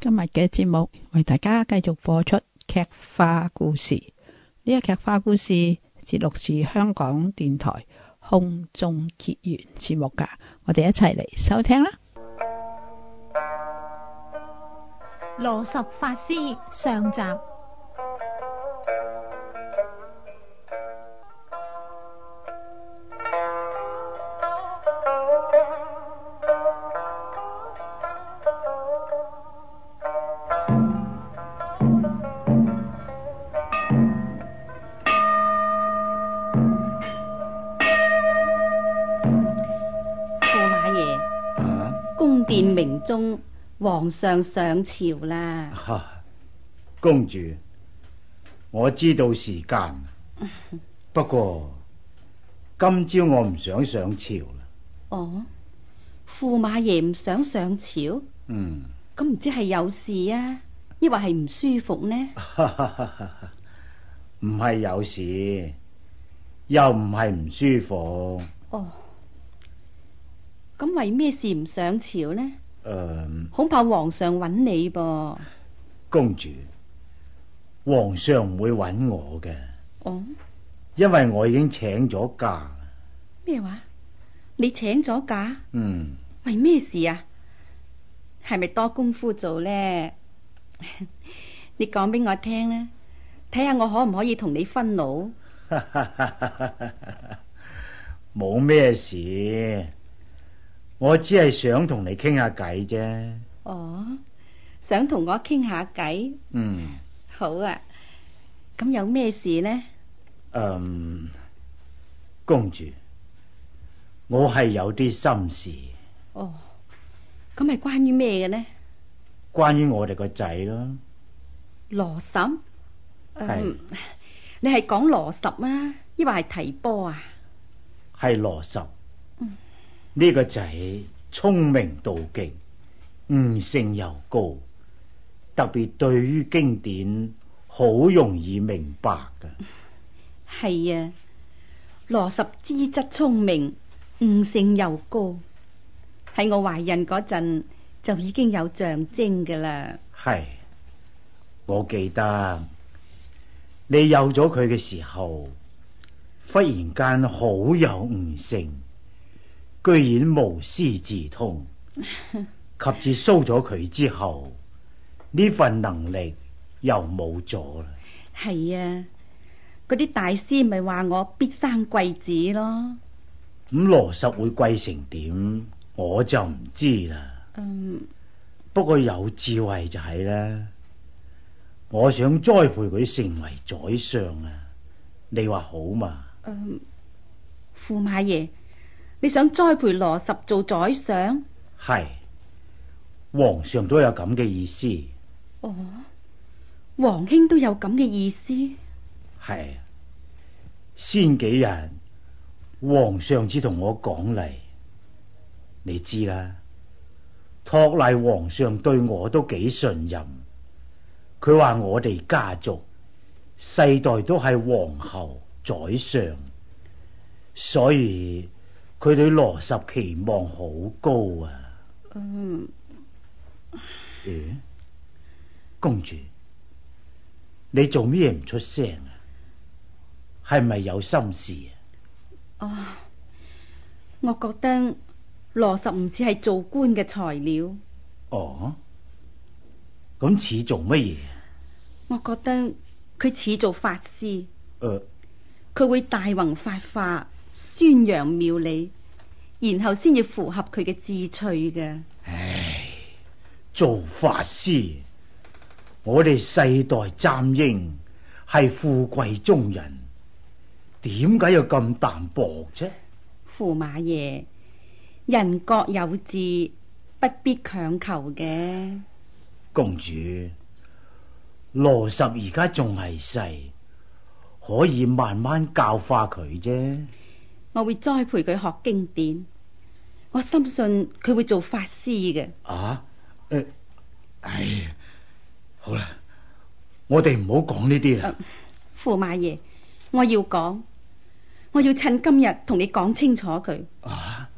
今日嘅節目為大家繼續播出劇化故事。呢個劇化故事節錄是香港電台空中結緣節目噶，我哋一齊嚟收聽啦。羅什法師上集。宮殿明中，皇上上朝啦、啊。公主，我知道時間， 不過今朝我唔想上朝啦。哦，駙馬爺唔想上朝？嗯。咁唔知係有事啊，抑或係唔舒服呢？唔係 有事，又唔係唔舒服。哦。咁為咩事唔上朝呢？誒，恐怕皇上揾你噃。公主，皇上唔會揾我嘅。哦，因為我已經請咗假。咩話？你請咗假？嗯。為咩事啊？係咪多功夫做呢？你講俾我聽啦，睇下我可唔可以同你分勞。冇咩事。我只係想同你傾下偈啫。哦，想同我傾下偈。嗯，好啊。咁有咩事呢？嗯，公主，我係有啲心事。哦，咁係關於咩嘅呢？關於我哋個仔咯。羅什，嗯，你係講羅什啊，抑或係提波啊？係羅什。呢個仔聰明到極，悟性又高，特別對於經典好容易明白噶。係啊，羅什資質聰明，悟性又高，喺我懷孕嗰陣就已經有象徵噶啦。係，我記得你有咗佢嘅時候，忽然間好有悟性。居然無師自通，及至收咗佢之後，呢份能力又冇咗啦。係 啊，嗰啲大師咪話我必生貴子咯。咁羅實會貴成點，我就唔知啦。嗯，不過有智慧就係啦。我想栽培佢成為宰相啊，你話好嘛？嗯、駙馬爺。你想栽培羅十做宰相？係，皇上都有咁嘅意思。哦，皇兄都有咁嘅意思。係，先幾日皇上至同我講嚟，你知啦。托賴皇上對我都幾信任，佢話我哋家族世代都係皇后宰相，所以。佢對羅十期望好高啊！嗯、欸，公主，你做咩唔出聲啊？係咪有心事啊？哦，我覺得羅十唔似係做官嘅材料。哦，咁似做乜嘢？我覺得佢似做法師。誒、呃，佢會大宏法化。宣揚妙理，然後先要符合佢嘅志趣嘅。唉、哎，做法師，我哋世代簪纓係富貴中人，點解要咁淡薄啫？駙馬爺，人各有志，不必強求嘅。公主，羅什而家仲係細，可以慢慢教化佢啫。我會栽培佢學經典，我深信佢會做法師嘅。啊，誒、呃，哎，好啦，我哋唔好講呢啲啦。啊，駙馬爺，我要講，我要趁今日同你講清楚佢。啊，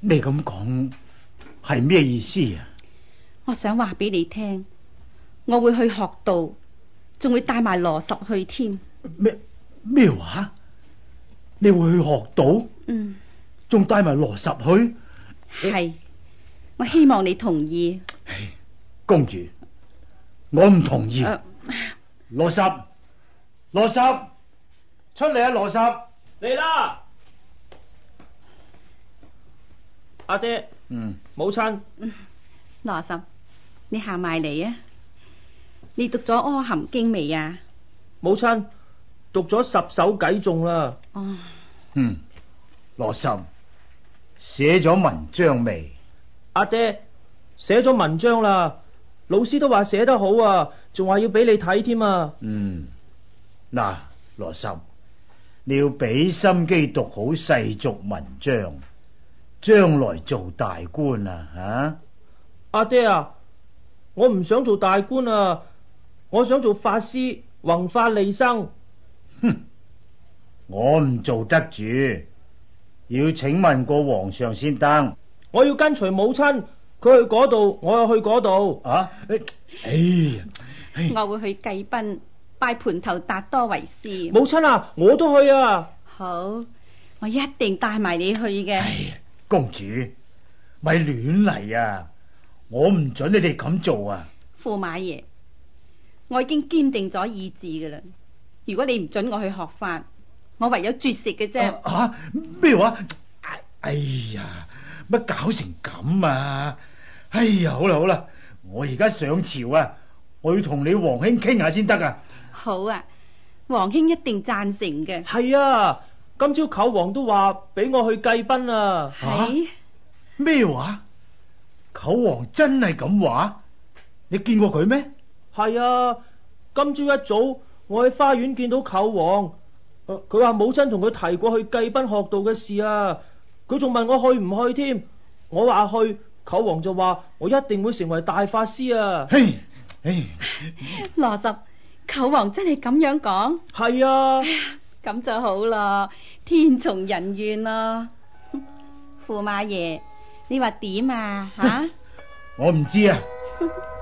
你咁講係咩意思啊？我想話俾你聽，我會去學道，仲會帶埋羅什去添。咩咩話？你會去學到？嗯，仲帶埋羅十去。係，我希望你同意。公主，我唔同意。羅十，羅十，出嚟啊！羅十，嚟啦！阿爹。嗯，母親。羅十，你行埋嚟啊！你讀咗《阿含經》未啊？母親。讀咗十首偈頌啦，嗯，羅什寫咗文章未？阿爹寫咗文章啦，老師都話寫得好啊，仲話要俾你睇添啊。嗯，嗱、呃，羅什，你要俾心機讀好世俗文章，將來做大官啊。啊，阿爹啊，我唔想做大官啊，我想做法師，弘法利生。我唔做得主，要請問過皇上先得。我要跟隨母親，佢去嗰度，我又去嗰度啊！哎，我會去罽賓拜盤頭達多為師。母親啊，我都去啊！好，我一定帶埋你去嘅。公主咪亂嚟啊！我唔准你哋咁做啊！駙馬爺，我已經堅定咗意志噶啦。如果你唔准我去學法，我唯有絕食嘅啫。吓咩、啊啊、話？哎呀，乜搞成咁啊？哎呀，好啦好啦，我而家上朝啊，我要同你皇兄傾下先得啊。好啊，皇兄一定贊成嘅。係啊，今朝舅王都話俾我去祭賓是啊。係咩話？舅王真係咁話？你見過佢咩？係啊，今朝一早我喺花園見到舅王。佢話母親同佢提過去繼賓學道嘅事啊，佢仲問我去唔去添，我話去，九王就話我一定會成為大法師啊，嘿，哎，羅十， 九王真係咁樣講？係啊，咁、哎、就好咯，天從人願咯、啊，駙 馬爺，你話點啊，吓 ， 我唔知啊。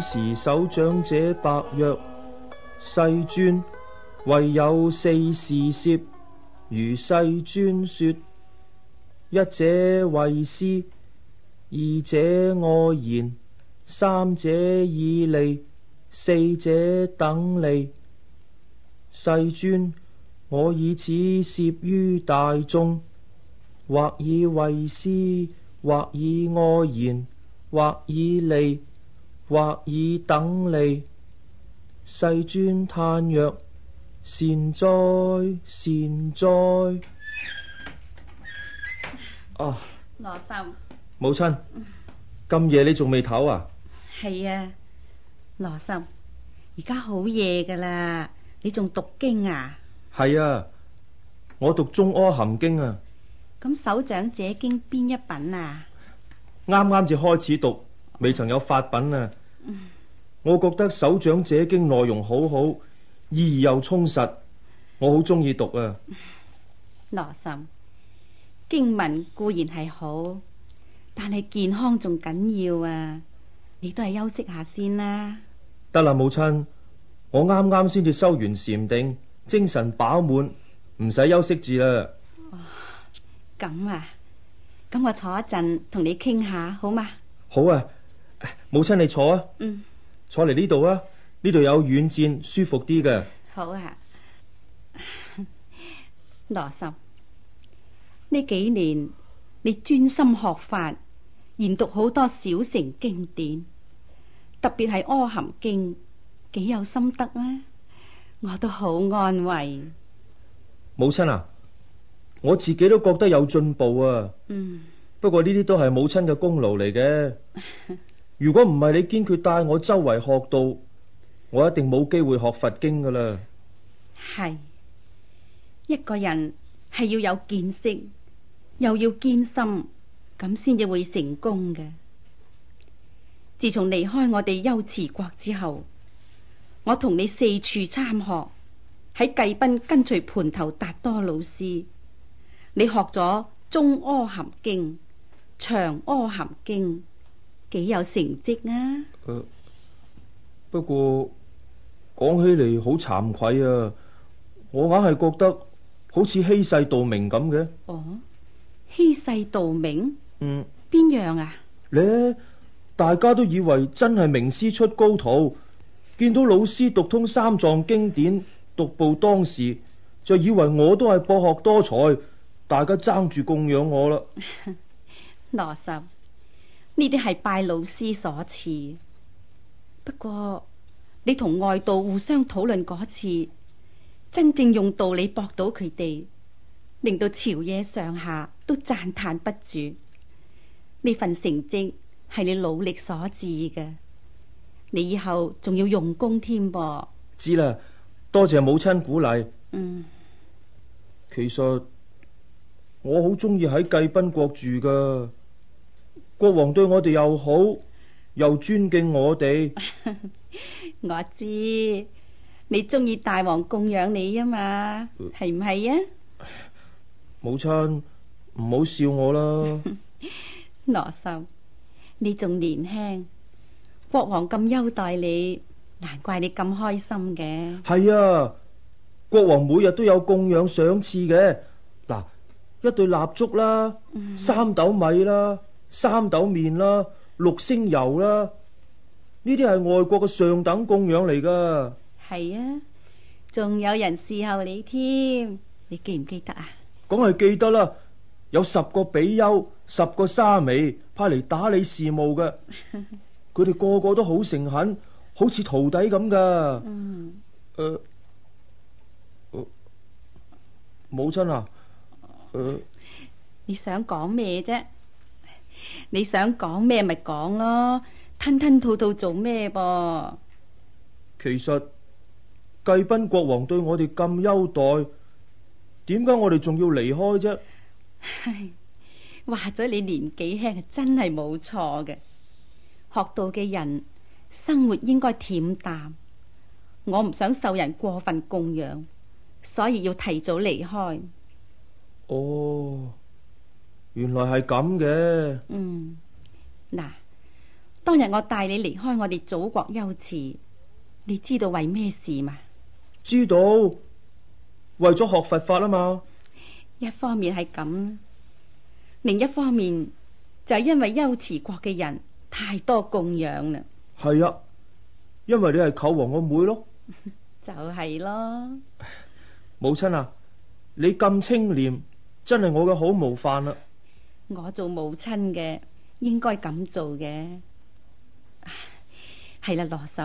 時首長者白曰：世尊，唯有四事攝。如世尊說：一者為施，二者愛言，三者以利，四者等利。世尊，我以此攝於大眾，或以為施，或以愛言，或以利。或以等你。世尊歎曰：善哉，善哉！哦，羅森，母親，咁夜你仲未唞啊？係宗啊，羅森，啊，而家好夜噶啦，你仲讀經啊？係啊，我讀《中阿含經》啊。咁首長者經邊一品啊？啱啱至開始讀。未曾有法品啊！我覺得《首長者經》內容好好，意義又充實，我好中意讀啊！羅岑，經文固然係好，但係健康仲緊要啊！你都係休息下先啦。得啦，母親，我啱啱先至修完禪定，精神飽滿，唔使休息住啦。咁、哦、啊，咁我坐一陣同你傾下，好嗎？好啊。母親，你坐啊，嗯，坐啊。嗯，坐嚟呢度啊。呢度有軟墊，舒服啲嘅。好啊，羅什呢幾年你專心學法，研讀好多小乘經典，特別係《阿含經》，幾有心得啊！我都好安慰母親啊。我自己都覺得有進步啊。嗯，不過呢啲都係母親嘅功勞嚟嘅。 如果唔係你堅決帶我周圍學到，我一定冇機會學佛經噶啦。係一個人係要有見識，又要堅心，咁先至會成功嘅。自從離開我哋龜茲國之後，我同你四處參學，喺罽賓跟隨盤頭達多老師，你學咗中阿含經、長阿含經。幾有成績啊！呃，不過講起嚟，好慚愧啊，我硬係覺得好似欺世盜名咁嘅。哦，欺世盜名？嗯。邊樣啊？咧，大家都以為真係名師出高徒，見到老師讀通三藏經典，讀報當時，就以為我都係博學多才，大家爭住供養我啦。羅嗦。 呢啲係拜老師所賜，不過你同外道互相討論嗰次，真正用道理駁倒佢哋，令到朝野上下都讚嘆不住。呢份成績係你努力所致嘅，你以後仲要用功添噃。知啦，多謝母親鼓勵。嗯，其實我好中意喺罽賓國住噶。國王對我哋又好，又尊敬我哋。我知你中意大王供養你啊嘛，係唔係啊？母親，唔好笑我啦。羅秀，你仲年輕，國王咁優待你，難怪你咁開心嘅。係啊，國王每日都有供養賞賜嘅，嗱，一對蠟燭啦，三斗米啦。三斗麵啦，六星油啦，呢啲係外國嘅上等供養嚟噶。係啊，仲有人伺候你添，你記唔記得啊？講係記得啦，有十個比丘，十個沙彌派嚟打理事務嘅，佢哋 個個都好誠懇，好似徒弟咁噶。嗯。誒、呃呃，母親啊，誒、呃，你想講咩啫？.你想講咩咪講咯，吞吞吐吐做咩噃？其實，貴賓國王對我哋咁優待，點解我哋仲要離開啫？唉，話咗你年紀輕，真係冇錯嘅。學道嘅人，生活應該恬淡。我唔想受人過分供養，所以要提早離開。哦。原來係咁嘅。嗯，嗱，當日我帶你離開我哋祖國幽池，你知道為咩事嘛？知道，為咗學佛法啊嘛。一方面係咁，另一方面就係因為幽池國嘅人太多供養啦。係啊，因為你係舅王個妹咯。 就係咯，母親啊，你咁清廉，真係我嘅好模範啦、啊。我做母親嘅應該咁做嘅。係啦，羅什。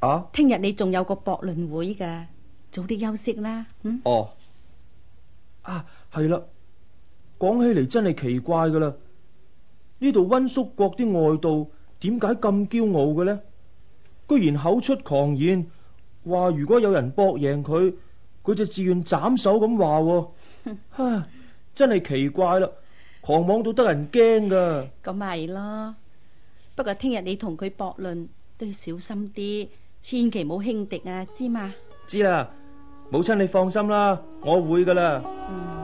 羅啊！聽日你仲有個博論會噶，早啲休息啦。嗯。哦。啊，係啦。講起嚟真係奇怪噶啦。呢度溫宿國啲外道點解咁驕傲嘅呢？居然口出狂言，話如果有人博贏佢，佢就自願斬首咁話。哼， 真係奇怪啦。狂妄到得人驚噶，咁咪囉。不過聽日你同佢駁論都要小心啲，千祈唔好輕敵啊，知嘛？知啦，母親你放心啦，我會噶啦。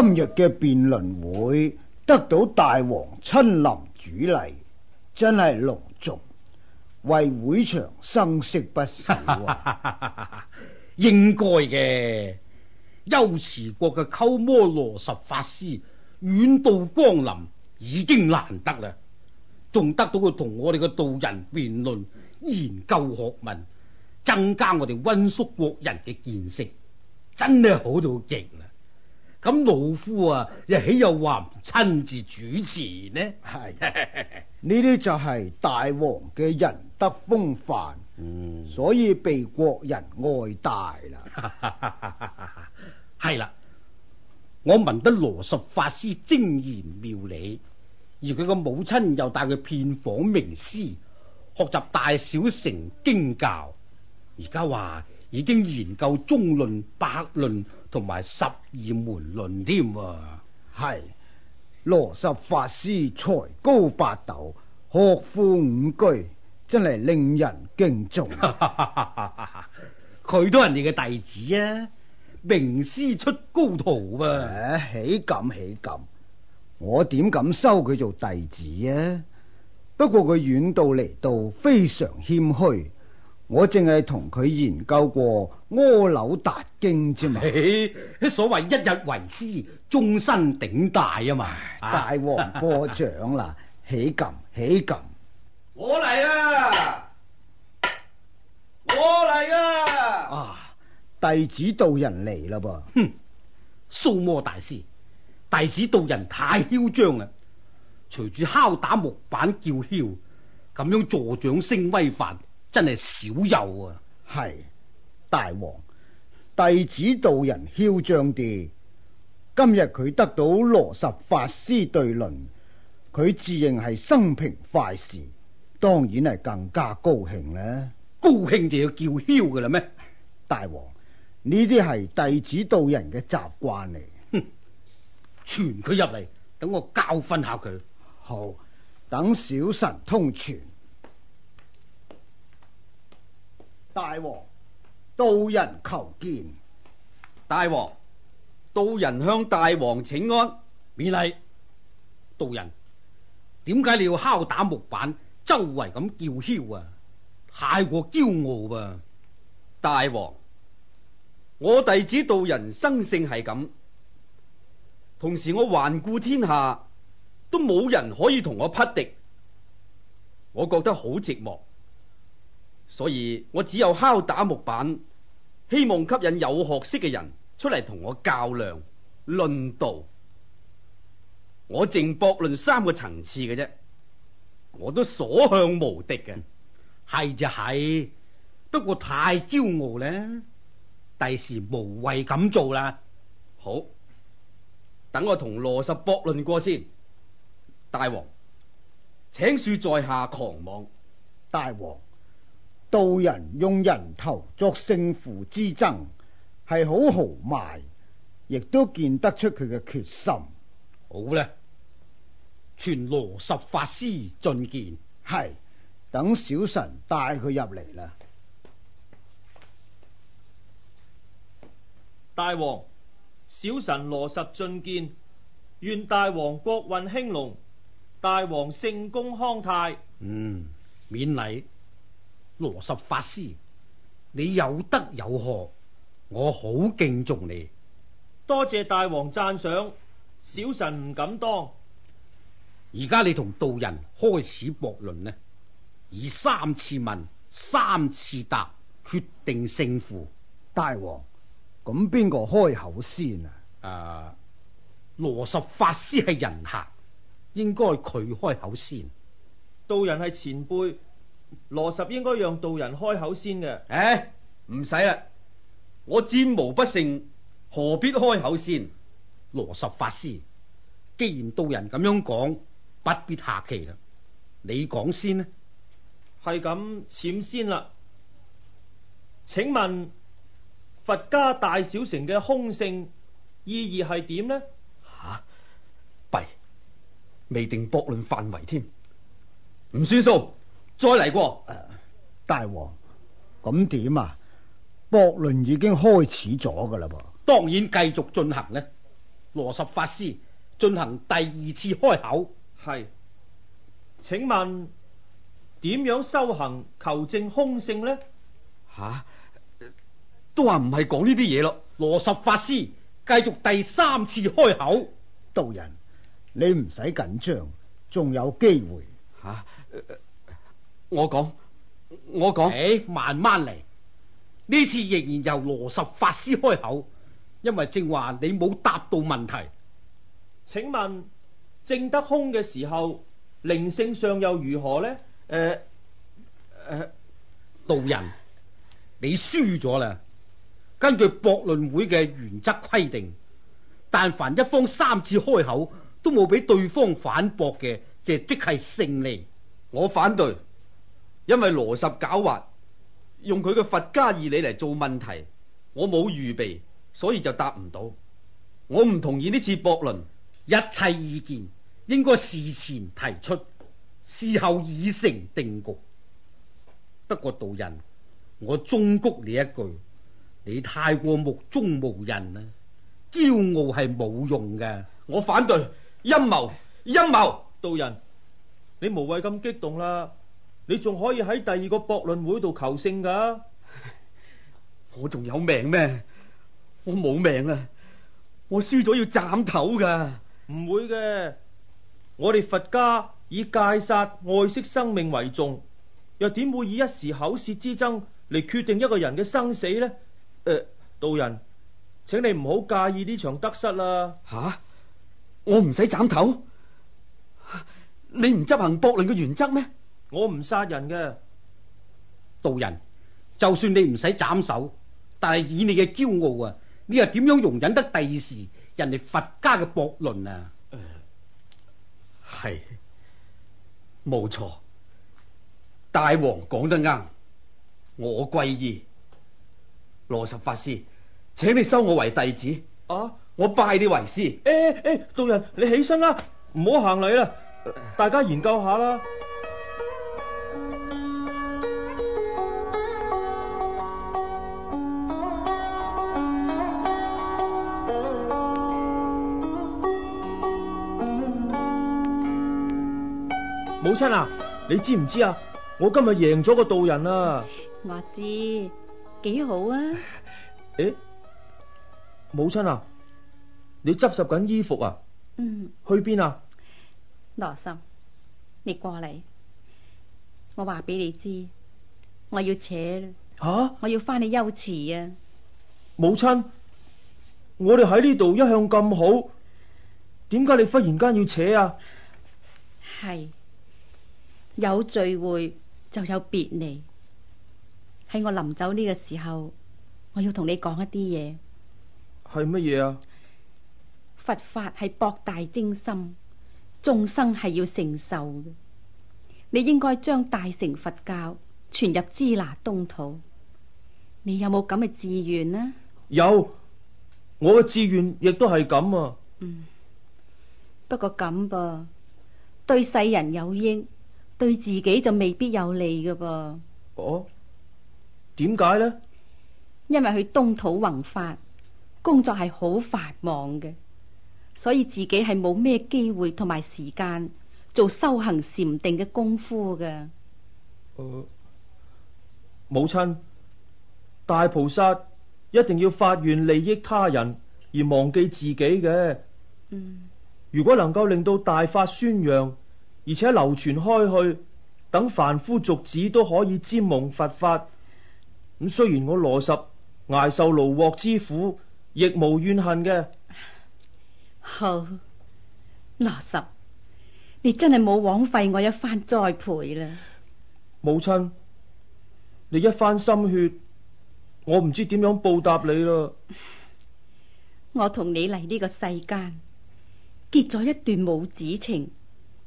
今日嘅辯論會得到大王親臨主禮，真係隆重，為會場生色不少啊！ 應該嘅，龜茲國嘅鳩摩羅什法師遠道光臨，已經難得啦，仲得到佢同我哋嘅道人辯論、研究學問，增加我哋温宿國人嘅見識，真係好到極啦！咁老夫啊，又豈有話唔親自主持呢？係呢啲就係大王嘅仁德風範，嗯、所以被國人愛戴啦。係啦， 我聞得羅什法師精言妙理，而佢個母親又帶佢遍訪名師，學習大小乘經教，而家話已經研究中論、百論。同埋十二門論添啊！係羅什法師才高八斗，學富五車，真係令人敬重啊。佢 都係人哋嘅弟子啊！名師出高徒噃啊。豈敢，豈敢，我點敢收佢做弟子啊？不過佢遠道嚟到，非常謙虛。我淨係同佢研究過柯柳達經啫嘛！所謂一日為師，終身頂大啊嘛！大王過獎啦，起撳起撳，我嚟啊！我嚟啦，啊！啊，弟子道人嚟啦噃！哼，蘇摩大師，弟子道人太囂張啦！隨住 敲打木板叫囂，咁樣助長聲威法。真係少有啊！係，大王弟子道人囂張啲，今日佢得到羅什法師對論，佢自認係生平快事，當然係更加高興咧。高興就要叫囂㗎喇咩？大王，呢啲係弟子道人嘅習慣嚟。哼，傳佢入嚟，等我教訓下佢。好，等小神通傳。大王，道人求見。大王，道人向大王請安。免禮。道人，點解你要敲打木板，周圍咁叫囂啊？太過驕傲噃。大王，我弟子道人生性係咁，同時我環顧天下，都冇人可以同我匹敵，我覺得好寂寞。所以我只有敲打木板，希望吸引有學識嘅人出嚟同我較量論道。我淨駁論三個層次嘅啫，我都所向無敵嘅。係就係，不過太驕傲呢，第時無謂咁做啦。好，等我同羅什駁論過先。大王，請恕在下狂妄，大王。道人用人頭作勝負之爭，係好豪邁，亦都見得出佢嘅決心。好啦，全羅什法師進見，係等小神帶佢入嚟啦。大王，小神羅什進見，願大王國運興隆，大王聖功康泰。嗯，免禮。羅什法師，你有德有學，我好敬重你。多謝大王讚賞，小臣唔敢當。而家你同道人開始駁論呢？以三次問三次答決定勝負。大王，咁邊個開口先啊？誒、啊，羅什法師係人客，應該佢開口先。道人係前輩。羅十應該讓道人開口先嘅。唉、欸，唔使啦，我戰無不勝，何必開口先？羅十法師，既然道人咁樣講，不必客氣啦，你講先啦。係咁潛先啦，請問佛家大小乘嘅空性意義係點呢？吓、啊，弊未定駁論範圍添，唔算數。再嚟過、呃，大王咁點啊？博論已經開始咗噶啦噃，當然繼續進行呢，羅什法師進行第二次開口，係是，請問點樣修行求證空性呢？吓、啊呃，都話唔係講呢啲嘢咯。羅什法師繼續第三次開口，道人你唔使緊張，仲有機會吓。啊呃我講，我講，誒、欸，慢慢嚟。呢次仍然由羅什法師開口，因為正話你冇答到問題。請問正得空嘅時候，靈性上又如何呢？誒誒、呃，道、呃、人，你輸咗啦。根據博論會嘅原則規定，但凡一方三次開口都冇俾對方反駁嘅，就即係勝利。我反對。因為羅什狡猾，用佢嘅佛家義理嚟做問題，我冇預備，所以就答唔到。我唔同意呢次駁論，一切意見應該事前提出，事後已成定局。不過道人，我忠告你一句，你太過目中無人啦，驕傲係冇用嘅。我反對，陰謀，陰謀，陰謀道人，你無謂咁激動啦。你仲可以喺第二個博論會度求勝噶？我仲有命咩？我冇命啦！我輸咗要斬頭噶？唔會嘅。我哋佛家以戒殺愛惜生命為重，又點會以一時口舌之爭嚟決定一個人嘅生死呢？誒、呃，道人，請你唔好介意呢場得失啦。吓、啊，我唔使斬頭？你唔執行博論嘅原則咩？我唔殺人嘅。道人，就算你唔使斬首，但係以你嘅驕傲啊，你又點樣容忍得第二時人哋佛家嘅駁論啊？係冇錯，大王講得啱，我皈依羅什法師，請你收我為弟子啊！我拜你為師。誒誒、欸欸，道人你起身啦，唔好行禮啦，大家研究下啦。母親啊，你知唔知啊？我今日贏咗個道人啊！我知，幾好啊！誒、欸，母親啊，你執拾緊衣服啊？嗯。去邊啊？羅生，你過嚟，我話俾你知，我要扯啦。吓！我要翻去休祠啊！啊！母親，我哋喺呢度一向咁好，點解你忽然間要扯啊？係。有聚會就有別離。喺我臨走呢個時候，我要同你講一啲嘢。係乜嘢啊？佛法係博大精深，眾生係要承受嘅。你應該將大乘佛教傳入支那東土。你有冇咁嘅志願呢？有，我嘅志願亦都係咁啊。嗯，不過咁噃，對世人有益。對自己就未必有利㗎噃。哦，點解呢？因為佢東土宏法，工作係好繁忙嘅，所以自己係冇咩機會同埋時間做修行禪定嘅功夫嘅。哦、母親，大菩薩一定要發願利益他人而忘記自己嘅。嗯，如果能夠令到大法宣揚。而且流傳開去，等凡夫俗子都可以沾蒙佛法。咁雖然我羅什捱受勞獲之苦，亦無怨恨嘅。好，羅什，你真係冇枉費我一番栽培啦。母親，你一番心血，我唔知點樣報答你啦。我同你嚟呢個世間，結咗一段母子情。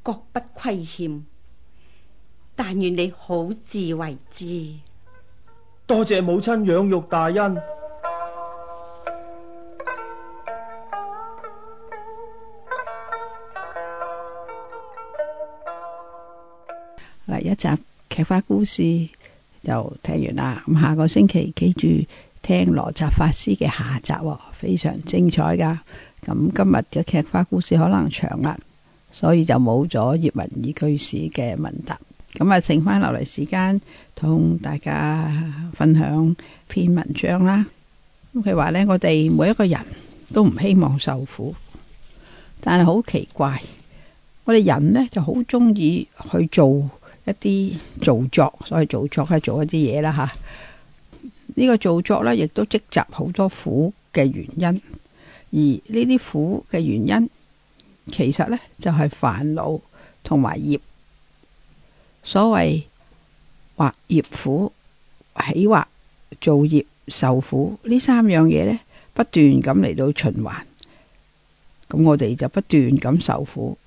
各不虧欠，但願你好自為之。多謝母親養育大恩。嗱，一集劇化故事就聽完啦。咁下個星期記住聽羅澤法師嘅下集喎，非常精彩㗎。咁今日嘅劇化故事可能長喇。所以就冇咗葉文儀居士嘅問答，咁啊剩翻落嚟時間同大家分享篇文章啦。佢話呢，我哋每一個人都唔希望受苦，但係好奇怪，我哋人呢就好中意去做一啲造作，所謂造作啊，做一啲嘢啦吓。呢、這個造作呢，亦都積集好多苦嘅原因，而呢啲苦嘅原因。其實呢，就係煩惱同埋業，所謂惑業苦，起惑造業受苦呢三樣嘢呢，不斷咁嚟，到循環，咁我哋就不斷咁受苦。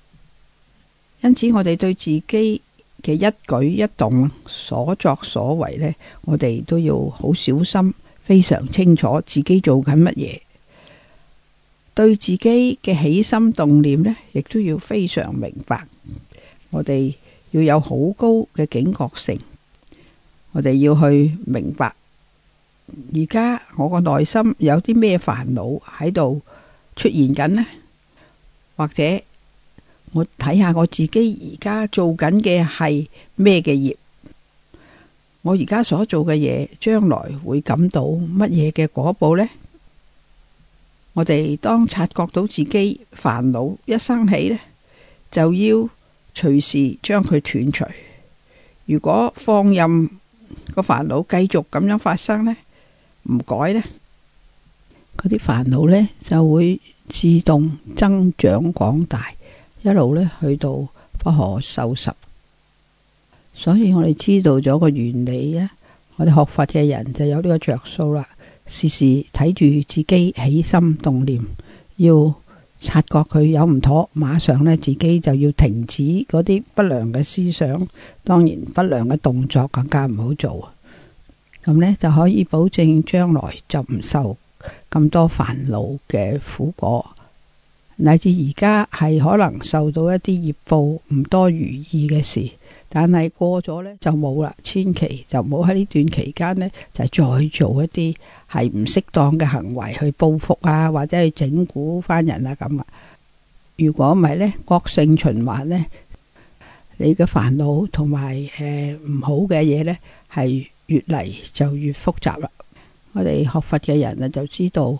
因此我哋對自己嘅一舉一動、所作所為呢，我哋都要好小心，非常清楚自己做緊乜嘢。對自己嘅起心動念呢，亦都要非常明白，我哋要有好高嘅警覺性，我哋要去明白，而家我個內心有啲咩煩惱喺度出現緊呢？或者我睇下我自己而家做緊嘅係咩嘅業，我而家所做嘅嘢將來會感到乜嘢嘅果報呢？我哋當察覺到自己煩惱一生起呢，就要隨時將佢斷除。如果放任個煩惱繼續咁樣發生呢，唔改呢，嗰啲煩惱呢就會自動增長廣大，一路呢去到不可收拾。所以我哋知道咗個原理咧，我哋學佛嘅人就有呢個着數啦。時時睇住自己起心動念，要察覺佢有唔妥，馬上呢自己就要停止嗰啲不良嘅思想。當然，不良嘅動作更加唔好做。咁呢，就可以保證將來就唔受咁多煩惱嘅苦果，乃至而家係可能受到一啲業報唔多如意嘅事。但係過咗咧就冇啦，千祈就唔好喺呢段期間咧就再做一啲係唔適當嘅行為去報復啊，或者去整蠱翻人啊咁啊！如果唔係咧惡性循環咧，你嘅煩惱同埋誒唔好嘅嘢咧係越嚟就越複雜啦。我哋學佛嘅人啊就知道。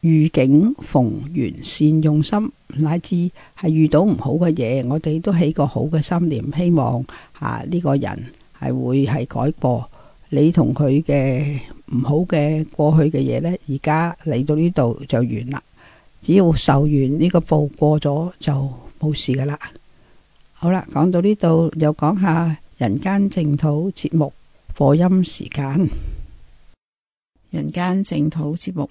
遇境逢緣善用心，乃至係遇到唔好嘅嘢，我哋都起個好嘅心念，希望吓呢、啊呢個人係會係改過。你同佢嘅唔好嘅過去嘅嘢呢，而家嚟到呢度就完啦。只要受完呢、呢個報過咗，就冇事噶啦。好啦，講到呢度又講下人間淨土節目播音時間，人間淨土節目。